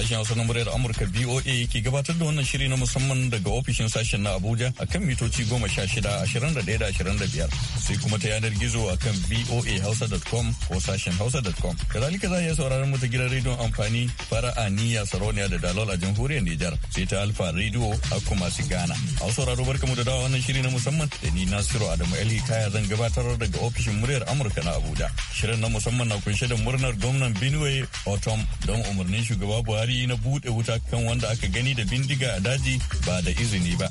Sashen Hausa na muryar Amurka BOA ke gabatar da wannan shiri na musamman daga ofishin sashen na Abuja a kan mitoci goma sha shida ashirin da ɗaya da ashirin da biyar sai kuma ta yanar gizo a kan hausa voahausa.com ko sashen hausa hausa.com. Kazalika za a iya sauraron mu ta gidan rediyon amfani fara'a niya sarauniya da dalol a jamhuriyar Nijar sai ta alfa rediyo a kuma su Ghana. A sauraro barka mu da dawa wannan shiri na musamman da ni Nasiru Adamu El Hikaya zan gabatar daga ofishin muryar Amurka na Abuja. Shirin na musamman na kunshe da murnar gwamnan Benue Otom don umarnin shugaba Buhari hari na bude wuta kan wanda aka gani da bindiga a daji ba da izini ba.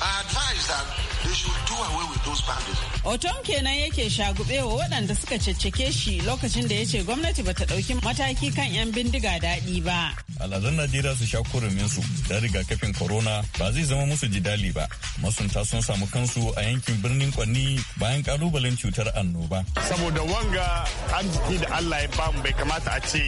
I advise that they should do away with those bandits. oton kenan yake shagubewa waɗanda suka cecceke shi lokacin da ya ce gwamnati bata ɗauki mataki kan 'yan bindiga daɗi ba. Al'adun Najeriya su sha kurumin su da rigakafin corona ba zai zama musu jidali ba. Masunta sun samu kansu a yankin birnin Kwanni bayan kalubalen cutar annoba. Saboda wanga arziki da Allah ya bamu bai kamata a ce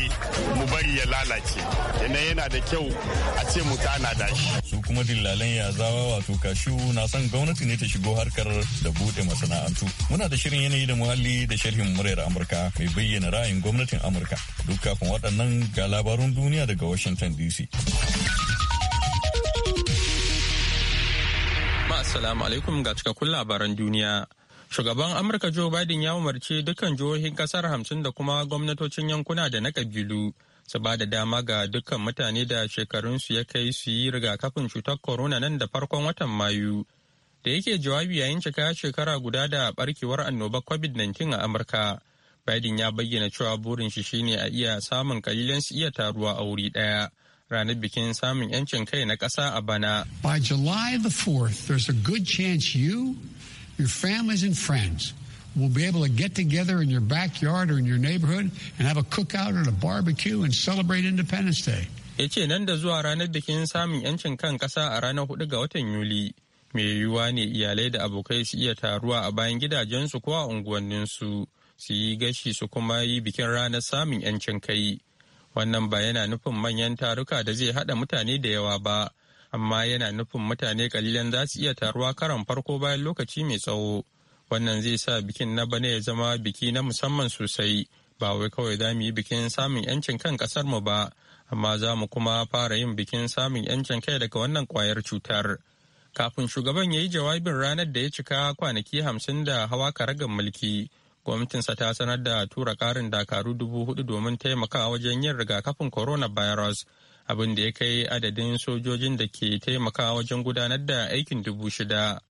mu bari ya lalace. Yana yana da kyau a ce mu tana da shi. Su kuma dillalan yazawa wato kashi Nashu na son gwamnati ne ta shigo harkar da bude masana'antu. Muna da shirin yanayi da muhalli da sharhin muryar Amurka mai bayyana ra'ayin gwamnatin Amurka. Duk kafin waɗannan ga labarun duniya daga Washington DC. Assalamu alaikum ga cikakkun labaran duniya. Shugaban Amurka Joe Biden ya umarci dukkan jihohin kasar hamsin da kuma gwamnatocin yankuna da na kabilu su ba da dama ga dukkan mutane da shekarunsu ya kai su yi rigakafin cutar corona nan da farkon watan mayu da yake jawabi yayin cika shekara guda da barkewar annobar covid-19 a amurka biden ya bayyana cewa burin shi shine a iya samun kalilan su iya taruwa a wuri daya ranar bikin samun yancin kai na kasa a bana. By July the 4th, there's a good chance you, your families and friends will be able to get together in your backyard or in your neighborhood and have a cookout or a barbecue and celebrate Independence Day. Ya ce nan da zuwa ranar bikin samun 'yancin kan ƙasa a ranar 4 ga watan Yuli, mai yiwuwa ne iyalai da abokai su iya taruwa a bayan gidajensu ko a unguwanninsu su yi gashi su kuma yi bikin ranar samun 'yancin kai. Wannan ba yana nufin manyan taruka da zai haɗa mutane da yawa ba, amma yana nufin mutane kalilan za su iya taruwa karan farko bayan lokaci mai tsawo. wannan zai sa bikin na bana ya zama biki na musamman sosai ba wai kawai za mu yi bikin samun yancin kan kasar mu ba amma za mu kuma fara yin bikin samun yancin kai daga wannan kwayar cutar kafin shugaban ya yi jawabin ranar da ya cika kwanaki hamsin da hawa karagan mulki gwamnatinsa ta sanar da tura karin dakaru dubu hudu domin taimakawa wajen yin rigakafin coronavirus abin da ya kai adadin sojojin da ke taimakawa wajen gudanar da aikin dubu shida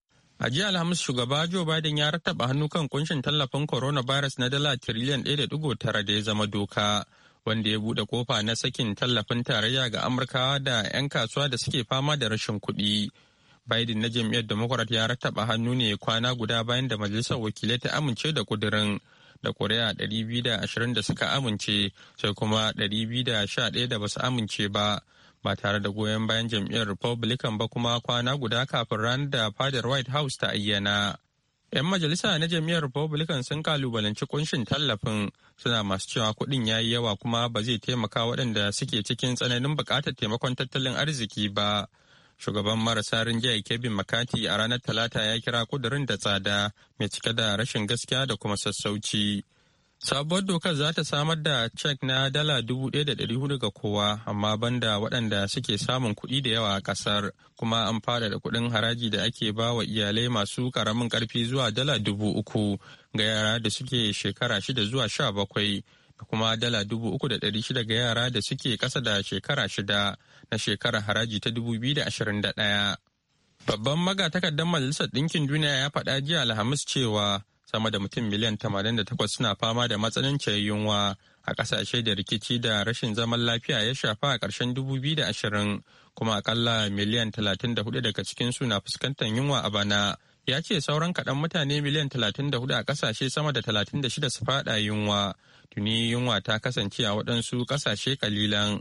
A jiya Alhamis shugaba Joe Biden ya rattaba hannu kan kunshin tallafin coronavirus na dala tiriliyan 1.9 da ya zama doka, wanda ya buɗe kofa na sakin tallafin tarayya ga amurka da 'yan kasuwa da suke fama da rashin kuɗi. Biden na jam'iyyar Democrat ya rattaba hannu ne kwana guda bayan da Majalisar Wakilai ta amince da kudirin. da ɗari 220 da suka amince sai kuma 211 da basu amince ba ba tare da goyon bayan jam'iyyar republican ba kuma kwana guda kafin ranar da fadar white house ta ayyana 'yan majalisa na jam'iyyar republican sun kalubalanci kunshin tallafin suna masu cewa kuɗin ya yi yawa kuma ba zai taimaka waɗanda suke cikin tsananin buƙatar taimakon tattalin arziki ba shugaban marasa rinjaye kevin Makati a ranar talata ya kira kudurin da tsada mai cike da rashin gaskiya da kuma sassauci Sabuwar dokar za ta samar da cek na dala dubu ɗaya da ɗari hudu ga kowa, amma banda waɗanda suke samun kuɗi da yawa a ƙasar, kuma an fara da kuɗin haraji da ake ba wa iyalai masu ƙaramin ƙarfi zuwa dala dubu uku ga yara da suke shekara shida zuwa sha bakwai, da kuma dala dubu uku da ɗari shida ga yara da suke ƙasa da shekara shida na shekarar haraji ta dubu biyu da ashirin da ɗaya. Babban magatakardar Majalisar Ɗinkin Duniya ya faɗa jiya Alhamis cewa sama da mutum miliyan 88 suna fama da matsanancin yunwa a kasashe da rikici da rashin zaman lafiya ya shafa a ƙarshen 2020 kuma akalla miliyan 34 daga cikin suna fuskantar yunwa a bana ya ce sauran kaɗan mutane miliyan 34 a kasashe sama da 36 su faɗa yunwa tuni yunwa ta kasance a waɗansu ƙasashe kalilan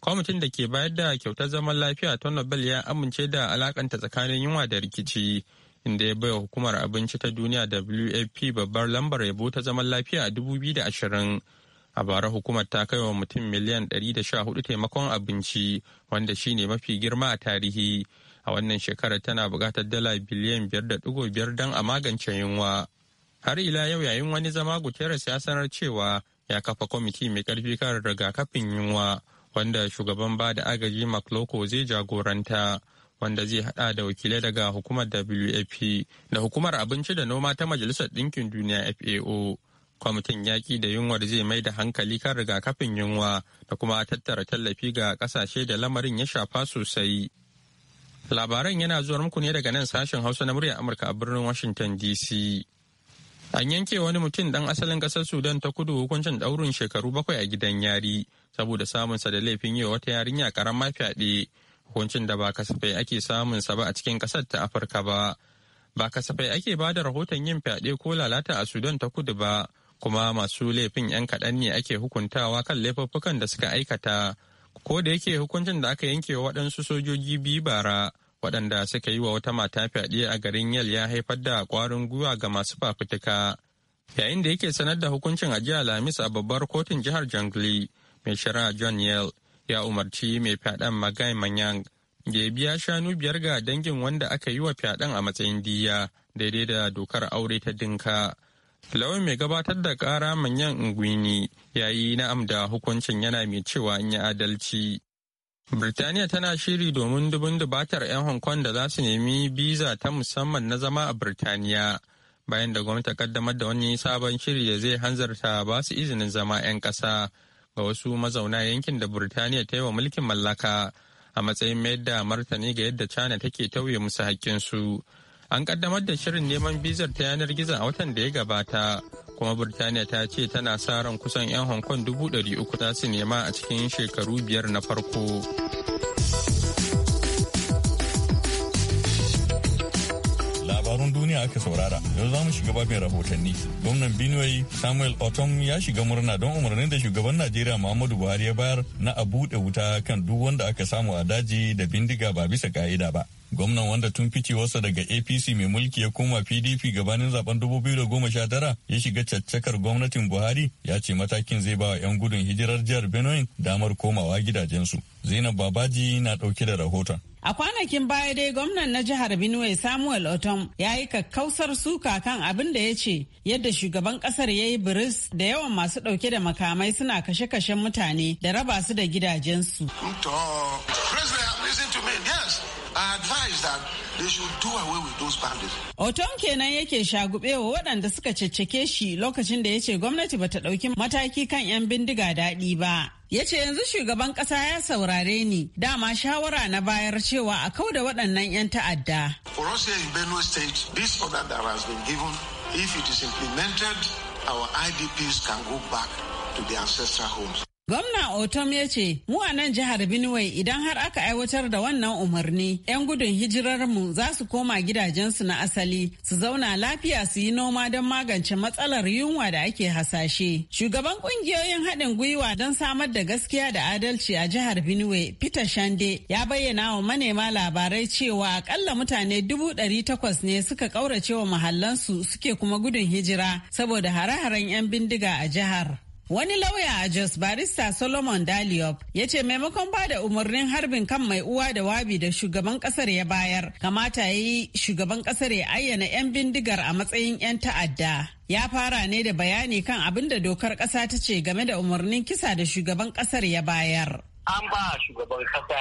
kwamitin da ke bayar da kyautar zaman lafiya ta nobel ya amince da alakanta tsakanin yunwa da rikici inda ya baiwa hukumar abinci ta duniya WFP babbar lambar yabo ta zaman lafiya a 2020. A bara hukumar ta kai wa mutum miliyan 114 taimakon abinci wanda shi ne mafi girma a tarihi. A wannan shekarar tana buƙatar dala biliyan 5.5 don a magance yunwa. Har ila yau yayin wani zama Guterres ya sanar cewa ya kafa kwamiti mai karfi kan rigakafin yunwa wanda shugaban ba da agaji Makloko zai jagoranta. wanda zai hada da wakilai daga hukumar WFP da hukumar abinci da noma ta Majalisar dinkin Duniya FAO. Kwamitin yaƙi da yunwar zai mai da hankali kan rigakafin yunwa da kuma tattara tallafi ga ƙasashe da lamarin ya shafa sosai. Labaran yana zuwa muku ne daga nan sashen Hausa na muryar Amurka a birnin Washington DC. An yanke wani mutum dan asalin ƙasar Sudan ta kudu hukuncin ɗaurin shekaru bakwai a gidan yari saboda samunsa da laifin yi wata yarinya ƙaramar fyaɗe hukuncin da ba kasafai ake samun sa ba a cikin ƙasar ta afirka ba ba kasafai ake ba da rahoton yin fyaɗe ko lalata a sudan ta kudu ba kuma masu laifin 'yan kaɗan ne ake hukuntawa kan laifuffukan da suka aikata ko da yake hukuncin da aka yanke wa waɗansu sojoji biyu bara waɗanda suka yi wa wata mata fyaɗe a garin yal ya haifar da ƙwarin gwiwa ga masu fafutuka yayin da yake sanar da hukuncin a jiya lamis a babbar kotun jihar jangli mai shari'a john yale ya umarci mai fyaɗen magai manyan da ya biya shanu biyar ga dangin wanda aka yi wa fyaɗen a matsayin diya daidai da dokar aure ta dinka. Lawan mai gabatar da ƙara manyan ingwini ya yi na'am da hukuncin yana mai cewa in yi adalci. Birtaniya tana shiri domin dubun dubatar 'yan Hong Kong da za su nemi biza ta musamman na zama a Birtaniya bayan da gwamnati ta kaddamar da wani sabon shiri da zai hanzarta ba su izinin zama 'yan ƙasa ga wasu mazauna yankin da Burtaniya ta yi wa mulkin mallaka a matsayin mayar da martani ga yadda China take tauye musu su An ƙaddamar da shirin neman bizar ta yanar gizo a watan da ya gabata, kuma Burtaniya ta ce tana sa ran kusan 'yan Hong Kong dubu ɗari uku za su nema a cikin shekaru biyar na farko. duniya aka saurara yau zamu shiga babin rahotanni gwamnan benue samuel otom ya shiga murna don umarnin da shugaban najeriya muhammadu buhari ya bayar na a buɗe wuta kan duk wanda aka samu a daji da bindiga ba bisa ka'ida ba gwamnan wanda tun ficewarsa daga apc mai mulki ya koma pdp gabanin zaben 2019 ya shiga caccakar gwamnatin buhari ya ce matakin zai ba wa 'yan gudun hijirar jihar benue damar komawa gidajensu zainab babaji na ɗauke da rahoton A kwanakin baya dai gwamnan na jihar Benue Samuel Otom ya yi kakkausar suka kan abin da ya ce yadda shugaban kasar ya yi biris da yawan masu dauke da makamai suna kashe-kashen mutane da raba su da gidajensu. They Oton kenan yake shagubewa waɗanda suka cecceke shi lokacin da yace ce gwamnati bata ɗauki mataki kan 'yan bindiga daɗi ba. ya ce yanzu shugaban ƙasa ya saurare ni dama shawara na bayar cewa a kau da waɗannan 'yan ta'adda. For us in Benue State, this order that has been given, if it is implemented, our IDPs can go back to their ancestral homes. Gwamna Otom ya ce, mu a nan jihar Benue idan har aka aiwatar da wannan umarni, 'yan gudun hijirarmu za su koma gidajensu na asali, su zauna lafiya su yi noma don magance matsalar yunwa da ake hasashe. Shugaban kungiyoyin haɗin gwiwa don samar da gaskiya da adalci a jihar Benue, Peter Shande, ya bayyana wa manema labarai cewa akalla mutane dubu ɗari takwas ne suka ƙaurace wa mahallansu suke kuma gudun hijira saboda hare-haren 'yan bindiga a jihar. Wani lauya a Jos Barista Solomon Daliop ya ce maimakon ba da umarnin harbin kan mai uwa da wabi da shugaban kasar ya bayar, kamata ya yi shugaban kasar ya ayyana 'yan bindigar a matsayin 'yan ta'adda. Ya fara ne da bayani kan abin da dokar kasa ta ce game da umarnin kisa da shugaban kasar ya bayar. an ba shugaban kasa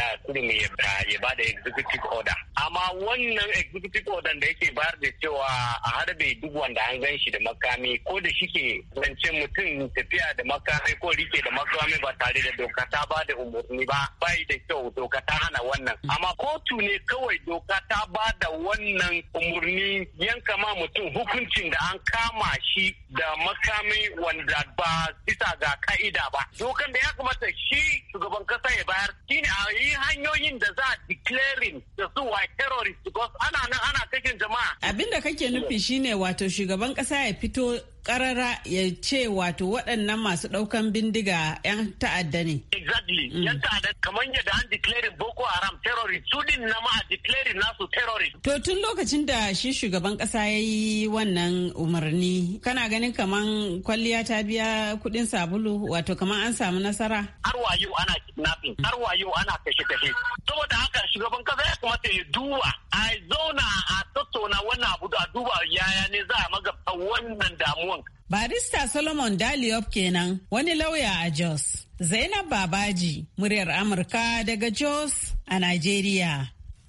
eh, kurmi ya ba da executive order amma wannan executive order da yake bayar da cewa a harbe duk wanda an gan shi da makami ko da ke zance mutum tafiya da makami ko rike da makami ba tare da doka ta ba da umarni ba bai da kyau doka ta hana wannan amma kotu ne kawai doka ta ba da wannan umarni yanka ma mutum hukuncin da an kama shi da makami wanda ba bisa ga ka'ida ba dokan da ya kamata shi shugaban kasa ya bayar shine a yi hanyoyin da za a declaring da su wa terrorist because ana nan ana kashin jama'a abin da kake nufi shine wato shugaban kasa ya fito karara ya ce wato waɗannan masu ɗaukan bindiga 'yan ta'adda ne. Exactly, mm. 'yan ta'adda kamar yadda an declaring Boko Haram terrorist, su din na ma a declaring nasu terrorist. To tun lokacin da shi shugaban ƙasa ya yi wannan umarni, kana ganin kamar kwalliya ta biya kuɗin sabulu wato kamar an samu nasara? Har wayo ana kidnapping, har wayo ana kashe-kashe. Saboda haka shugaban ƙasa ya kamata ya duba, a zauna a tattauna wannan abu da duba yaya ne za a maga wannan damuwan Barista Solomon Daliop kenan wani lauya a Jos. Zainab Babaji, muryar Amurka daga Jos a Najeriya.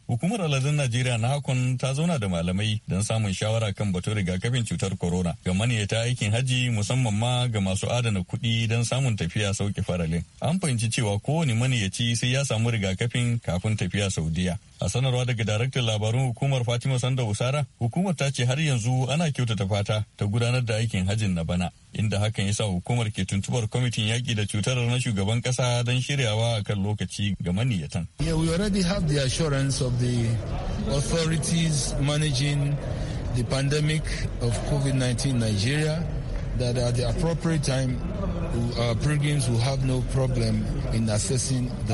Hukumar Aladun Najeriya na hakon ta zauna da malamai don samun shawara kan batun rigakafin cutar corona ga maniyata aikin haji musamman ma ga masu adana kuɗi don samun tafiya sauke faralin. An fahimci cewa kowane maniyaci sai ya samu rigakafin kafin tafiya Saudiya. A sanarwa daga daraktan labarun hukumar Fatima Sanda Usara, hukumar ta ce har yanzu ana kyautata fata ta gudanar da aikin hajjin na bana. inda hakan ya sa hukumar ke tuntubar kwamitin yaƙi da cutar na shugaban ƙasa don shiryawa a kan lokaci ga maniyyatan. Yeah, we already have the assurance of the authorities managing the pandemic of COVID-19 Nigeria that at the appropriate time who uh, will have no problem in the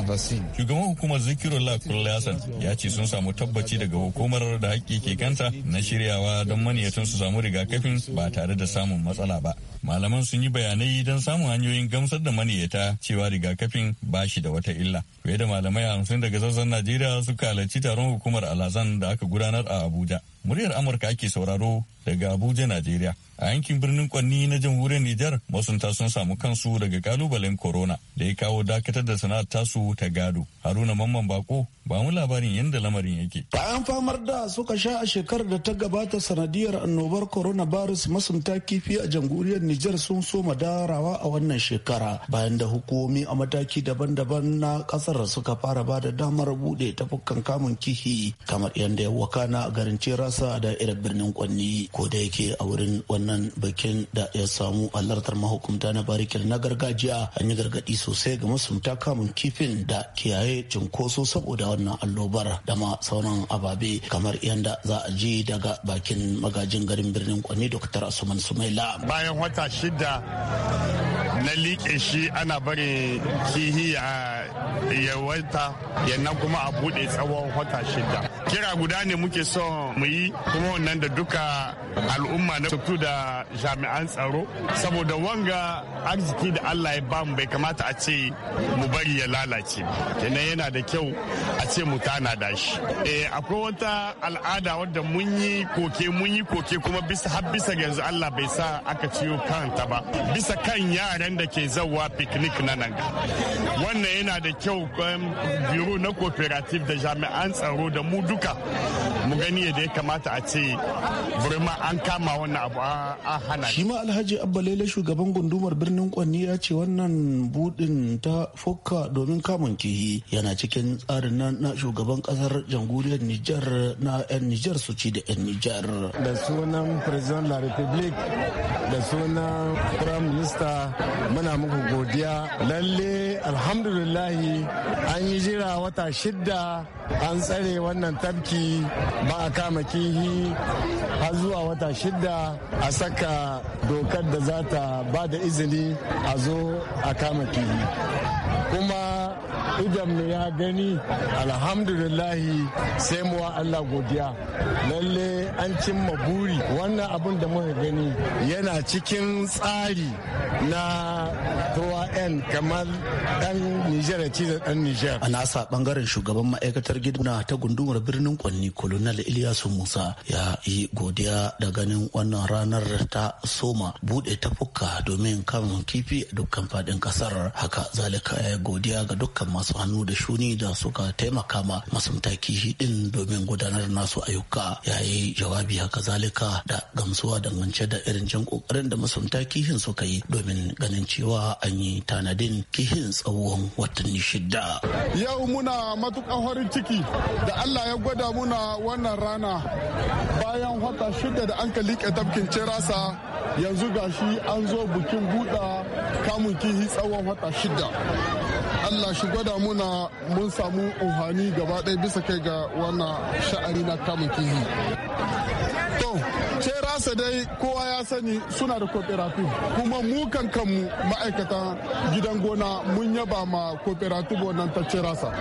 vaccine. Shugaban hukumar Zikirullah Kurlasan ya ce sun samu tabbaci daga hukumar da hakki ke kanta na shiryawa don maniyatun su samu rigakafin ba tare da samun matsala ba. Malaman sun yi bayanai don samun hanyoyin gamsar da maniyata cewa rigakafin ba shi da wata illa. Fiye da malamai hamsin daga sassan Najeriya suka halarci taron hukumar alhazan da aka gudanar a Abuja. Muryar Amurka ake sauraro daga Abuja, Najeriya. A yankin birnin Kwanni na jamhuriyar Nijar, masunta sun samu kansu daga kalubalen corona da ya kawo dakatar da sana'ar tasu ta gado haruna mamman bako Ba mu labarin yadda lamarin yake. Bayan famar da suka sha a shekarar da ta gabata sanadiyar annobar corona coronavirus masumta kifi a jamhuriyar Nijar sun soma darawa a wannan shekara bayan da hukumomi a mataki daban-daban na kasar suka fara ba da damar bude tafukan kamun kifi kamar yadda ya wakana a garin Cerasa da irin birnin Kwanni ko da yake a wurin wannan bikin da ya samu alartar mahukunta na barikin na gargajiya an yi gargadi sosai ga masunta kamun kifin da kiyaye cinkoso saboda wannan allobar da ma sauran ababe kamar yadda za a ji daga bakin magajin garin birnin kwani dr asuman sumaila bayan wata shida na liƙe shi ana bari kihi a yawanta yannan kuma a buɗe tsawon wata shida kira guda ne muke son mu yi kuma wannan da duka al'umma na sabtu da jami'an tsaro saboda wanga arziki da allah ya bamu bai kamata a ce mu bari ya lalace kenan yana da kyau a ce mu tana da shi eh, akwai wata al'ada wadda mun yi koke mun yi koke kuma bisa har bisa yanzu allah bai sa aka ciyo kanta ba bisa kan yaran da ke zawa picnic na nan wannan yana da kyau um, biro na cooperative da jami'an tsaro da mu duka mu gani yadda ya kamata a ce burma an kama wannan abu an hana shi ma alhaji abbalele shugaban gundumar birnin kwanni ya ce wannan budin ta fukka domin kamun kihi yana cikin tsarin nan na shugaban kasar jamhuriyar nijar na yan nijar su ci da yan nijar da sunan president la republic da sunan prime minister muna muku godiya lalle alhamdulillahi an yi jira wata shidda an tsare wannan tabki ba a kama kihi har zuwa wata shida a saka dokar da za ta ba da izini a zo a kama kifi kuma idanmu ya gani alhamdulillahi sai muwa Allah godiya lalle an cimma buri wannan abun da muka gani yana cikin tsari na n kamar dan Nijar ya ci da dan Nijar. A nasa bangaren shugaban ma'aikatar gidna ta gundumar birnin Kwanni Kolonel Ilyasu Musa ya yi godiya da ganin wannan ranar ta soma bude tafuka domin kan kifi a dukkan fadin kasar haka zalika ya godiya ga dukkan masu masu hannu da shuni da suka taimaka ma masumtaki ɗin domin gudanar nasu ayyuka yayi jawabi haka zalika da gamsuwa dangance da irin jan kokarin da masumta kihin suka yi domin ganin cewa an yi tanadin kihin tsawon watanni shida. Yau muna matuƙar farin ciki da Allah ya gwada muna wannan rana bayan wata shida da an kalike liƙe tafkin cerasa yanzu gashi an zo bikin buɗa kamun kihi tsawon wata shida. Allah shi gwada muna mun samu unhani gaba ɗaya bisa kai ga wannan sha'ari na kamun kihi. To, ce rasa dai kowa ya sani suna da cooperative kuma mu kan kanmu ma'aikatan gidan gona mun yaba ma cooperative wannan ta ce rasa.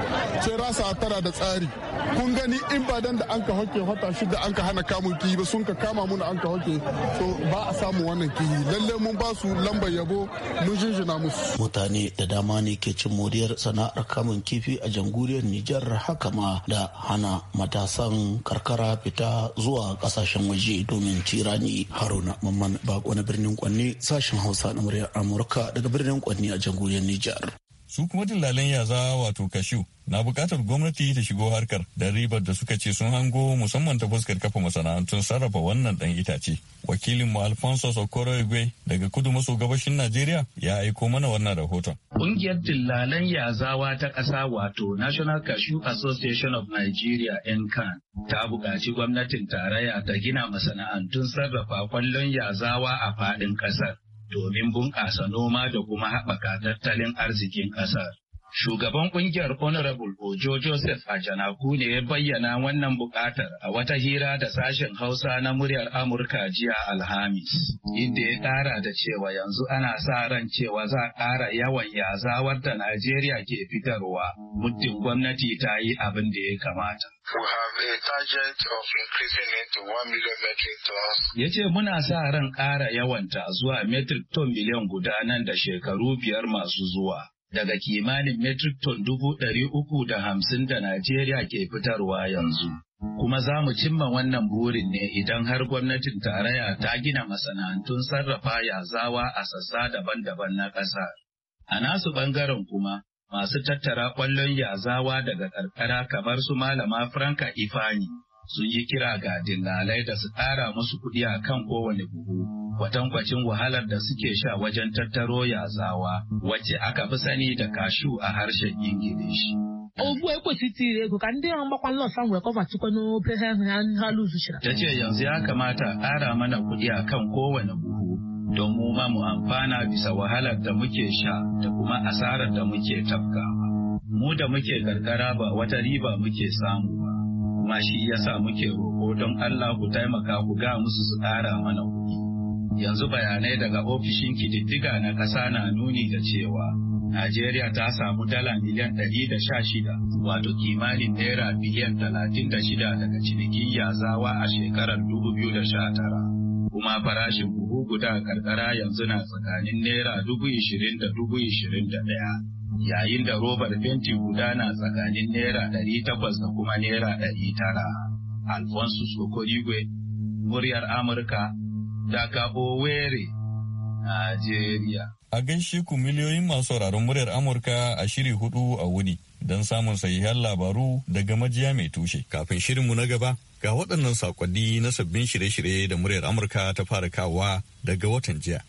Ce rasa tara da tsari. Kun gani in ba dan da an ka hoke wata shida an ka hana kamun kihi ba sun ka kama muna an ka hoke to ba a samu wannan kihi. lallai mun ba su lambar yabo mun jinjina musu. Mutane da dama ne ke cin godiyar sana'ar kamun kifi a jamhuriyar Nijar haka ma da hana matasan karkara fita zuwa kasashen waje domin tirani haruna mamman bako na birnin kwanne sashen hausa na muryar amurka daga birnin kwanne a jamhuriyar Nijar. su kuma dillalan yaza wato kashu na bukatar gwamnati ta shigo harkar da ribar da suka ce sun hango musamman ta fuskar kafa masana'antun sarrafa wannan dan itace wakilin mu alfonso sokoro igwe daga kudu maso gabashin najeriya ya aiko mana wannan rahoton kungiyar dillalan yazawa ta ƙasa wato national cashew association of nigeria ncan ta buƙaci gwamnatin tarayya ta gina masana'antun sarrafa kwallon yazawa a faɗin ƙasar domin bunƙasa noma da kuma haɓaka tattalin arzikin ƙasar. Shugaban kungiyar Honorable Ojo Joseph Ajanaku ne ya bayyana wannan bukatar a wata hira da sashen Hausa na muryar Amurka jiya Alhamis. Inda ya kara da cewa yanzu ana sa ran cewa za a kara yawan yazawar da Najeriya ke fitarwa muddin gwamnati ta yi abin da ya kamata. Ya ce muna sa ran ƙara yawanta zuwa metric ton miliyan guda nan da shekaru biyar masu zuwa. daga kimanin metric ton dubu ɗari uku da hamsin da Najeriya ke fitarwa yanzu. Kuma za mu cimma wannan burin ne idan har gwamnatin tarayya ta gina masana'antun sarrafa yazawa a sassa daban-daban na ƙasa. A nasu ɓangaren kuma, masu tattara ƙwallon yazawa daga ƙarƙara kamar su Malama Franka Ifani sun yi kira ga dillalai da su ƙara musu kuɗi a kan kowane buhu, kwatankwacin wahalar da suke sha wajen tattaro yazawa, wacce aka fi sani da kashu a harshen Ingilishi. Ogbu ti ego ka ndị ahụ gbakwala ọsa nwere kọva chukwa n'ofe ha ha lụzuchara. Ta ce yanzu ya kamata ƙara mana kuɗi a kan kowane buhu don mu ma mu amfana bisa wahalar da muke sha da kuma asarar da muke tafkawa. Mu da muke karkara ba wata riba muke samu ba kuma shi ya sa muke roƙo don Allah ku taimaka ku ga musu su ƙara mana kuɗi. Yanzu bayanai daga ofishin kididdiga na ƙasa na nuni da cewa Najeriya ta samu dala miliyan ɗari da sha shida wato kimanin naira biliyan talatin da shida daga cinikin yazawa a shekarar dubu biyu da sha tara. Kuma farashin buhu guda karkara yanzu na tsakanin naira dubu ishirin da dubu ishirin da ɗaya. yayin da robar fenti guda na tsakanin naira ɗari takwas da kuma naira ɗari tara. Alfonso Sokorigwe, muryar Amurka, daga Owerri, Najeriya. A gaishe ku miliyoyin masu sauraron muryar Amurka a shiri hudu a wuni don samun sahihan labaru daga majiya mai tushe. Kafin shirinmu na gaba, ga waɗannan saƙonni na sabbin shirye-shirye da muryar Amurka ta fara kawa daga watan jiya.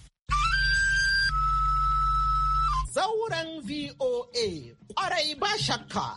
zauren VOA. Kwarai ba shakka.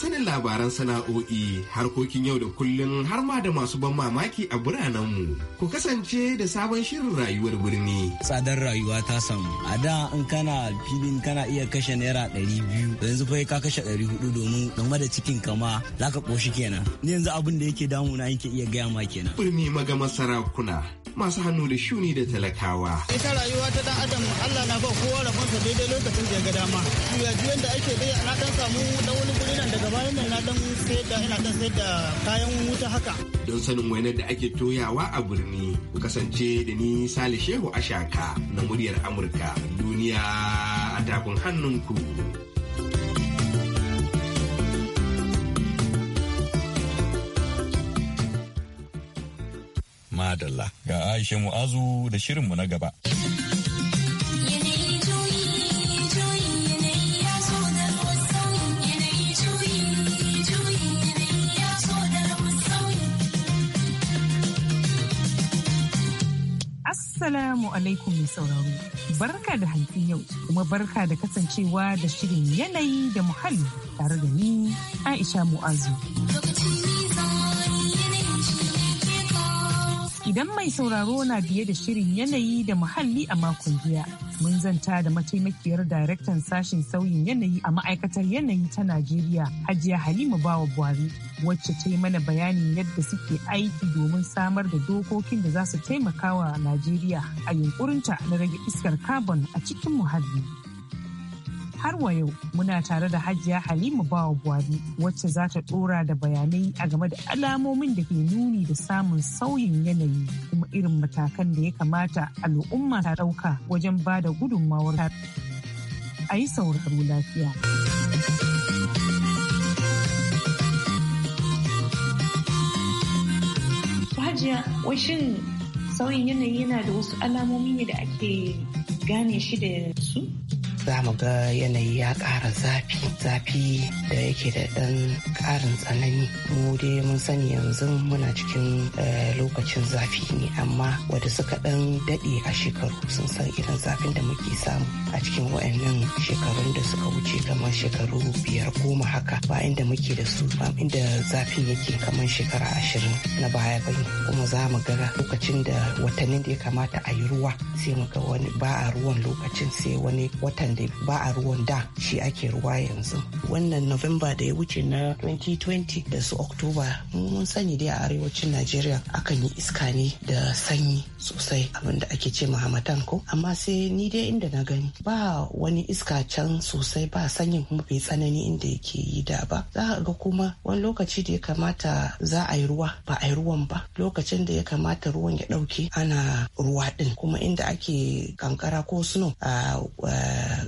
sanin labaran sana'o'i harkokin yau da kullun har ma da masu ban mamaki a biranenmu. Ku kasance da sabon shirin rayuwar birni. Tsadar rayuwa ta samu. A da in kana filin kana iya kashe naira ɗari biyu yanzu fa ka kashe ɗari hudu domin game da cikin kama za ka ƙoshi kenan. Ni yanzu abin da yake damuna yake iya gaya ma kenan. Birni magama sarakuna masu hannu da shuni da talakawa. Ita rayuwa ta dan adam Allah na ba kowa rabonsa daidai lokacin da ya ga dama. Yaji da ake dai na dan samu dan wani guri nan daga bayan nan na dan sayar da ina dan sayar da kayan wuta haka don sanin wainar da ake toyawa a birni ku kasance da ni Sale Shehu Ashaka na muryar Amurka duniya a takun hannunku Madalla ga Aisha Mu'azu da shirinmu na gaba. Assalamu alaikum mai sauraro. Barka da hantsi yau kuma barka da kasancewa da shirin yanayi da muhalli tare da ni Aisha Mu'azu. Idan mai sauraro na biye da shirin yanayi da muhalli a makon jiya, mun zanta da mataimakiyar daraktan sashen sauyin yanayi a ma'aikatar yanayi ta Najeriya, Hajiya Halima Bawa Buhari, wacce ta yi mana bayanin yadda suke aiki domin samar da dokokin da za su taimaka wa Najeriya a yunkurinta na rage iskar carbon a cikin muhalli. har wa yau muna tare da hajiya halima bawa buwari wacce za ta dora da bayanai a game da alamomin da ke nuni da samun sauyin yanayi kuma irin matakan da ya kamata al'umma ta dauka wajen ba da gudunmawar a yi sauraro lafiya. Hajiya, washin sauyin yanayi yana da wasu alamomi ne da ake gane shi da su? za mu ga yanayi ya ƙara zafi zafi da yake da ɗan ƙarin tsanani mu dai mun sani yanzu muna cikin eh, lokacin zafi ne amma wadda suka ɗan daɗe a shekaru sun san irin zafin da muke samu a cikin wa'annan shekarun da suka wuce kamar shekaru biyar goma haka ba inda muke da su ba inda zafin yake kamar shekara ashirin na baya bai kuma za mu ga lokacin da watannin da ya kamata a yi ruwa sai mu ga wani ba a ruwan lokacin sai wani watan da ba a ruwan da shi ake ruwa yanzu wannan november da ya wuce na 2020 da su october mun sani dai a arewacin najeriya akan yi iska ne da sanyi sosai abinda ake ce mahamatan ko amma sai ni dai inda na gani ba wani iska can sosai ba sanyin kuma bai tsanani inda yake yi da ba za a ga kuma wani lokaci da ya kamata za a yi ruwa ba a yi ruwan ba lokacin da ya kamata ruwan ya ɗauke ana ruwa ɗin kuma inda ake kankara ko suno a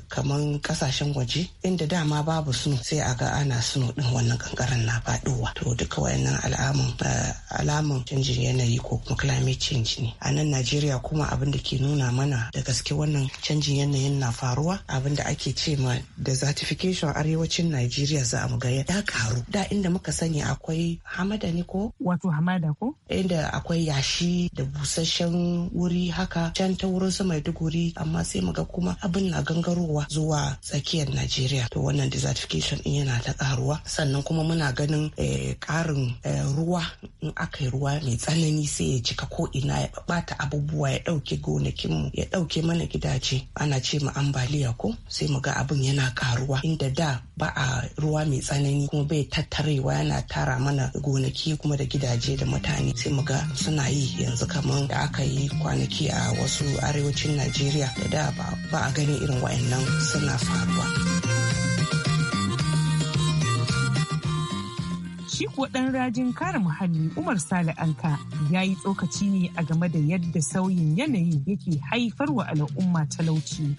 kamar kasashen waje inda dama babu suno sai a ga ana suno din wannan kankaran na faduwa to duka wayannan alamun eh, alamun canjin yanayi ko kuma climate change ne a nan Najeriya kuma abin da ke nuna mana da gaske wannan canjin yanayin na faruwa abin da ake ce ma desertification arewacin Najeriya za mu ga ya karu da inda muka sani akwai hamada ne ko wato hamada ko inda akwai yashi da busasshen wuri haka can ta wurin sama duguri amma sai mu ga kuma abin na gangaro tururuwa zuwa tsakiyar Najeriya to wannan desertification din yana ta karuwa sannan kuma muna ganin karin eh, eh, ruwa in aka yi ruwa mai tsanani sai ya cika ko ina ya bata abubuwa ya dauke mu. ya dauke mana gidaje ana ce mu ambaliya ko sai mu ga abin yana karuwa inda da ba a ruwa mai tsanani kuma bai tattarewa yana tara mana gonaki kuma da gidaje da mutane sai mu ga suna yi yanzu kamar da aka yi kwanaki a wasu arewacin Najeriya da da ba a ganin irin wa'annan nan suna faruwa Shi kuwa ɗan rajin kare muhalli Umar Sale Anka ya yi tsokaci ne a game da yadda sauyin yanayi yake haifarwa al'umma talauci.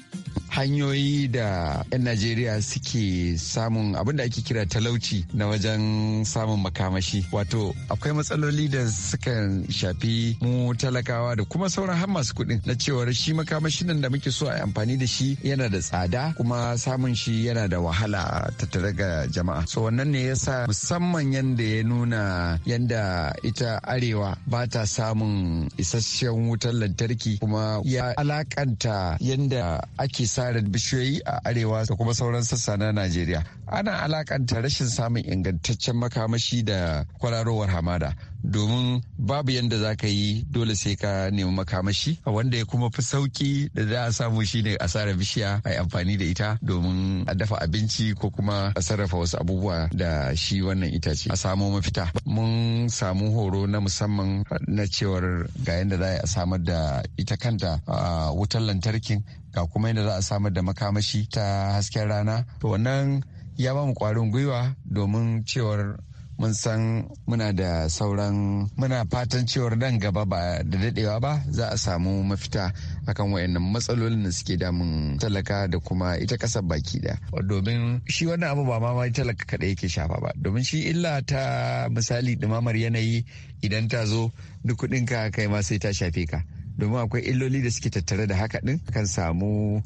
Hanyoyi da 'yan Najeriya suke samun abin da ake kira talauci na wajen samun makamashi. Wato akwai matsaloli da sukan shafi mu talakawa da kuma sauran har masu kuɗin na cewar shi makamashin nan da muke so a amfani da shi yana da tsada kuma samun shi yana da wahala tattare ga jama'a. So wannan ne yasa musamman wanda ya nuna yanda ita arewa ba ta samun isasshen wutar lantarki kuma ya alakanta yanda ake sare bishiyoyi a arewa da kuma sauran sassa na najeriya ana alakanta rashin samun ingantaccen makamashi da kwararowar hamada domin babu yadda za ka yi dole sai ka nemi makamashi wanda ya kuma fi sauki da za a samu shine a sare bishiya a amfani da ita domin a dafa abinci ko kuma a sarrafa wasu abubuwa da shi wannan itace a samo mafita mun samu horo na musamman na cewar ga yadda za a samar da ita kanta a wutar lantarkin ga kuma yadda za a samar da makamashi ta hasken rana to wannan ya ba mu kwarin gwiwa domin cewar mun san muna da sauran muna fatan cewar nan gaba ba da dadewa ba za a samu mafita akan wayannan matsalolin da suke damun talaka da kuma ita kasar baki da domin shi wannan abu ba ma talaka kaɗai yake shafa ba domin shi illa ta misali ɗumamar yanayi idan ta zo duk ka kai ma sai ta shafe ka domin akwai illoli da suke tattare da haka din akan samu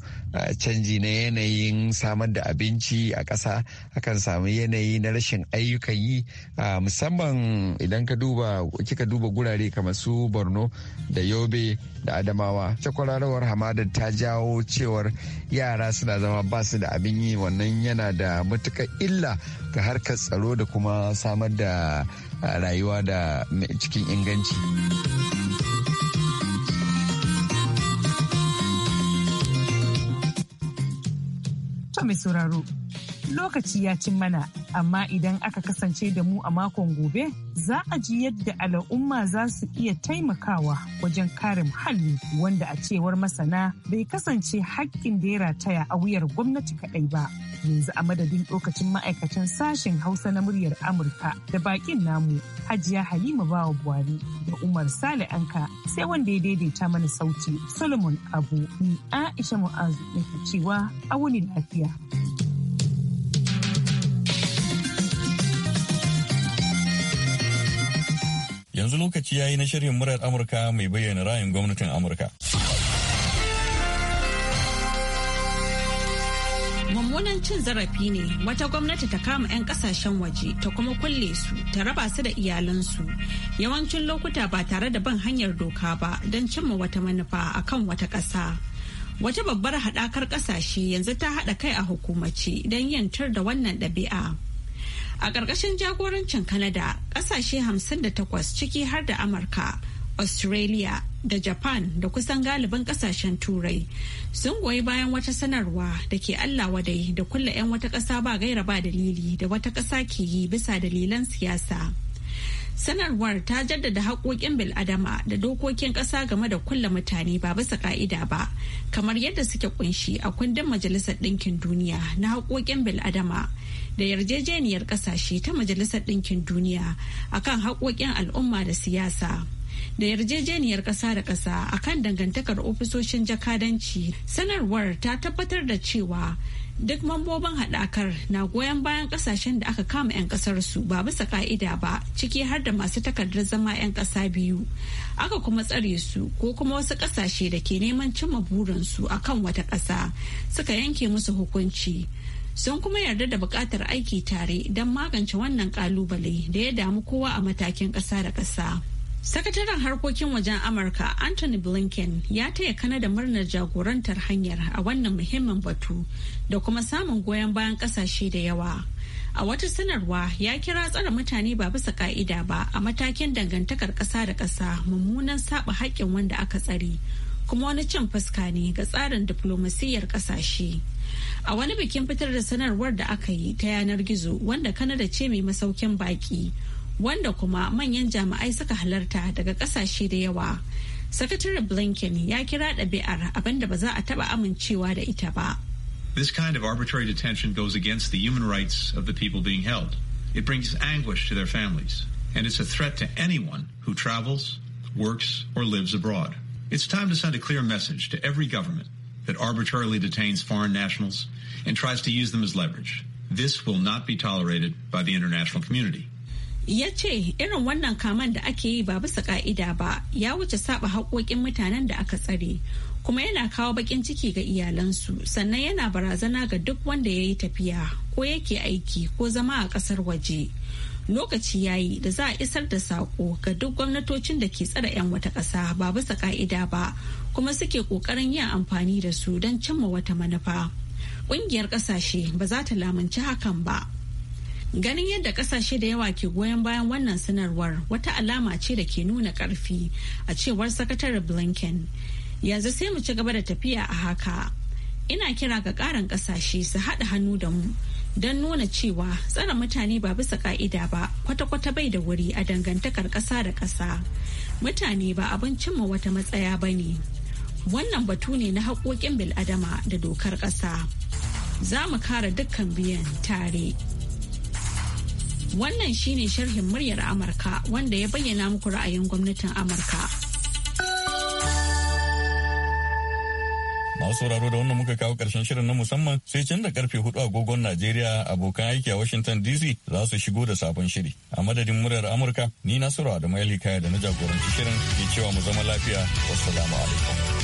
canji na yanayin samar da abinci a ƙasa akan samu yanayi na rashin ayyukan yi musamman idan ka duba kika duba gurare kamar su borno da yobe da adamawa takwararowar hamadar ta jawo cewar yara suna zama ba su da abin yi wannan yana da matuƙar illa ga harkar tsaro da kuma samar da rayuwa da cikin inganci. To mai sauraro, lokaci ya cin mana, amma idan aka kasance da mu a makon gobe, za a ji yadda al'umma za su iya taimakawa wajen kare muhalli wanda a cewar masana bai kasance hakkin da ya rataya a wuyar gwamnati kaɗai ba. yanzu a madadin lokacin ma'aikatan sashen hausa na muryar amurka da bakin namu hajiya halima bawa buhari da umar sale anka sai wanda ya daidaita mana sauti solomon abu ni aisha mu'azu nake cewa a wuni lafiya yanzu lokaci ya yi na shirin murar amurka mai bayyana ra'ayin gwamnatin amurka mummunan cin zarafi ne wata gwamnati ta kama 'yan kasashen waje ta kuma kulle su ta raba su da iyalansu yawancin lokuta ba tare da bin hanyar doka ba don cimma wata manufa a kan wata ƙasa. Wata babbar haɗakar ƙasashe yanzu ta haɗa kai a hukumace don tur da wannan ɗabi'a. A ƙarƙashin jagorancin Kanada, ƙasashe 58 ciki har da Amurka. australia da japan da kusan galibin kasashen turai sun goyi bayan wata sanarwa da ke allah wadai da kulla 'yan wata ƙasa ba gaira ba dalili da wata ƙasa ke yi bisa dalilan siyasa sanarwar ta jaddada haƙoƙin bil'adama da dokokin ƙasa game da kulla mutane ba bisa ƙa'ida ba kamar yadda suke kunshi a kundin majalisar ɗinkin duniya na haƙoƙin bil'adama da yarjejeniyar ƙasashe ta majalisar ɗinkin duniya akan haƙoƙin al'umma da siyasa. da yarjejeniyar ƙasa da ƙasa akan dangantakar ofisoshin jakadanci sanarwar ta tabbatar da cewa duk mambobin haɗakar na goyon bayan ƙasashen da aka kama 'yan ƙasar su ba bisa ka'ida ba ciki har da masu takardar zama 'yan ƙasa biyu aka kuma tsare su ko kuma wasu ƙasashe da ke neman cimma burinsu akan wata ƙasa suka yanke musu hukunci sun kuma yarda da buƙatar aiki tare don magance wannan ƙalubale da ya damu kowa a matakin ƙasa da ƙasa. Sakataren harkokin wajen Amurka Anthony Blinken ya taya Kanada murnar jagorantar hanyar a wannan muhimmin batu da kuma samun goyon bayan kasashe da yawa. A wata sanarwa ya kira tsare mutane ba bisa ka'ida ba a matakin dangantakar ƙasa da ƙasa mummunan saba haƙƙin wanda aka tsare kuma wani cin fuska ne ga tsarin diflomasiyyar ƙasashe. A wani bikin fitar da sanarwar da aka yi ta yanar gizo wanda Kanada ce mai masaukin baƙi. wanda kuma manyan jami'ai suka halarta daga kasashe da yawa. Sakataren Blinken ya kira ɗabi'ar abinda ba za a taɓa amincewa da ita ba. This kind of arbitrary detention goes against the human rights of the people being held. It brings anguish to their families, and it's a threat to anyone who travels, works, or lives abroad. It's time to send a clear message to every government that arbitrarily detains foreign nationals and tries to use them as leverage. This will not be tolerated by the international community. ya ce irin wannan kaman da ake yi ba bisa ka'ida ba ya wuce saba haƙoƙin mutanen da aka tsare kuma yana kawo baƙin ciki ga iyalansu sannan yana barazana ga duk wanda ya yi tafiya ko yake aiki ko zama a ƙasar waje lokaci ya yi da za a isar da saƙo ga duk gwamnatocin da ke tsare 'yan wata ƙasa ba bisa ka'ida ba kuma suke ƙoƙarin yin amfani da su don cimma wata manufa ƙungiyar ƙasashe ba za ta lamunci hakan ba Ganin yadda kasashe da yawa ke goyon bayan wannan sanarwar wata alama ce da ke nuna karfi a cewar sakataren Blinken. Yanzu sai mu ci gaba da tafiya a haka. Ina kira ga ƙarin kasashe su haɗa hannu da mu don nuna cewa tsare mutane ba bisa ka'ida ba kwata-kwata bai da wuri a dangantakar ƙasa da ƙasa. Mutane ba abin cimma wata matsaya ba ne. Wannan batu ne na haƙoƙin bil'adama da dokar ƙasa. Za mu kare dukkan biyan tare. Wannan shine sharhin muryar Amurka wanda ya bayyana muku ra'ayin gwamnatin Amurka. Masu sauraro da wannan muka kawo karshen shirin na musamman sai can da karfe hudu agogon Najeriya abokan aiki a Washington DC za su shigo da sabon shiri. A madadin muryar Amurka ni Nasiru Adamu Kaya da na jagoranci shirin ke cewa mu zama lafiya wasu alaikum.